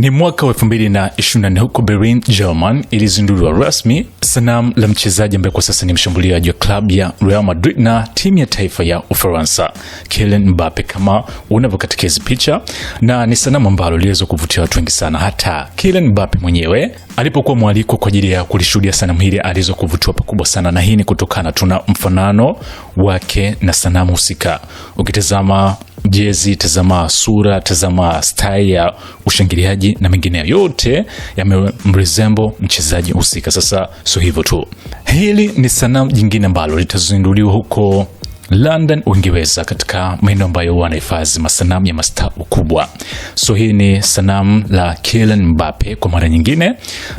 Ni mwaka wa 2024 huko Berlin, German, ilizinduliwa rasmi sanamu la mchezaji ambaye kwa sasa ni mshambuliaji wa klabu ya Real Madrid na timu ya taifa ya Ufaransa, Kylian Mbappe, kama unavyo katika hizi picha, na ni sanamu ambalo liliweza kuvutia watu wengi sana. Hata Kylian Mbappe mwenyewe alipokuwa mwalikwa kwa ajili ya kulishuhudia sanamu hili aliweza kuvutiwa pakubwa sana, na hii ni kutokana tuna mfanano wake na sanamu husika ukitazama jezi, tazama sura, tazama stai ya ushangiliaji na mengineyo, yote yamemrezembo mchezaji husika. Sasa sio hivyo tu, hili ni sanamu jingine ambalo litazinduliwa huko London, Uingereza, katika maeneo ambayo wanahifadhi masanamu ya masta ukubwa. So hii ni sanamu la Kylian Mbappe kwa mara nyingine,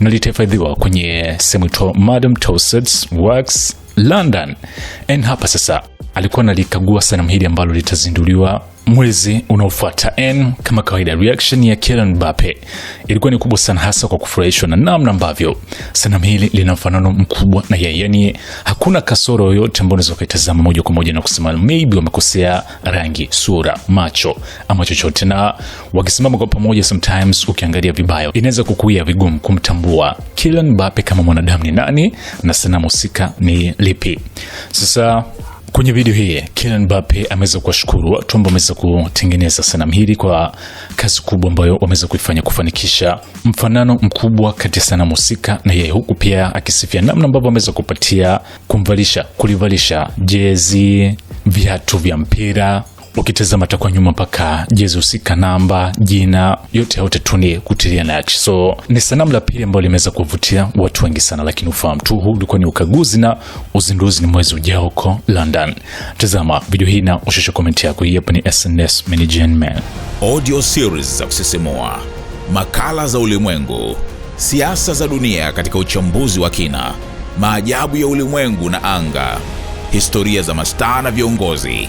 na litahifadhiwa kwenye sehemu Madame Tussauds Works London. En hapa sasa alikuwa analikagua sanamu hili ambalo litazinduliwa mwezi unaofuata. En kama kawaida, reaction ya Kylian Mbappe ilikuwa ni kubwa sana, hasa kwa kufurahishwa na namna ambavyo sanamu hili lina mfanano mkubwa na yeye. Yani hakuna kasoro yoyote ambayo unaweza ukaitazama moja kwa moja na kusema maybe wamekosea rangi, sura, macho ama chochote, na wakisimama kwa pamoja, sometimes ukiangalia vibayo, inaweza kukuia vigumu kumtambua Kylian Mbappe kama mwanadamu ni nani na sanamu husika ni lipi? Sasa kwenye video hii Kylian Mbappe ameweza kuwashukuru watu ambao wameweza kutengeneza sanamu hili kwa kazi kubwa ambayo wameweza kuifanya kufanikisha mfanano mkubwa kati ya sanamu husika na yeye, huku pia akisifia namna ambavyo ameweza kupatia kumvalisha, kulivalisha jezi, viatu vya mpira ukitazama takwa nyuma mpaka jezi namba, jina yote yote tuni kutilia nach So ni sanamu la pili ambayo limeweza kuvutia watu wengi sana, lakini ufahamu tu huu ulikuwa ni ukaguzi na uzinduzi ni mwezi ujao huko London. Tazama video hii na ushushe komenti yako. Hii hapa ni SNS Management audio series za kusisimua, makala za ulimwengu, siasa za dunia katika uchambuzi wa kina, maajabu ya ulimwengu na anga, historia za mastaa na viongozi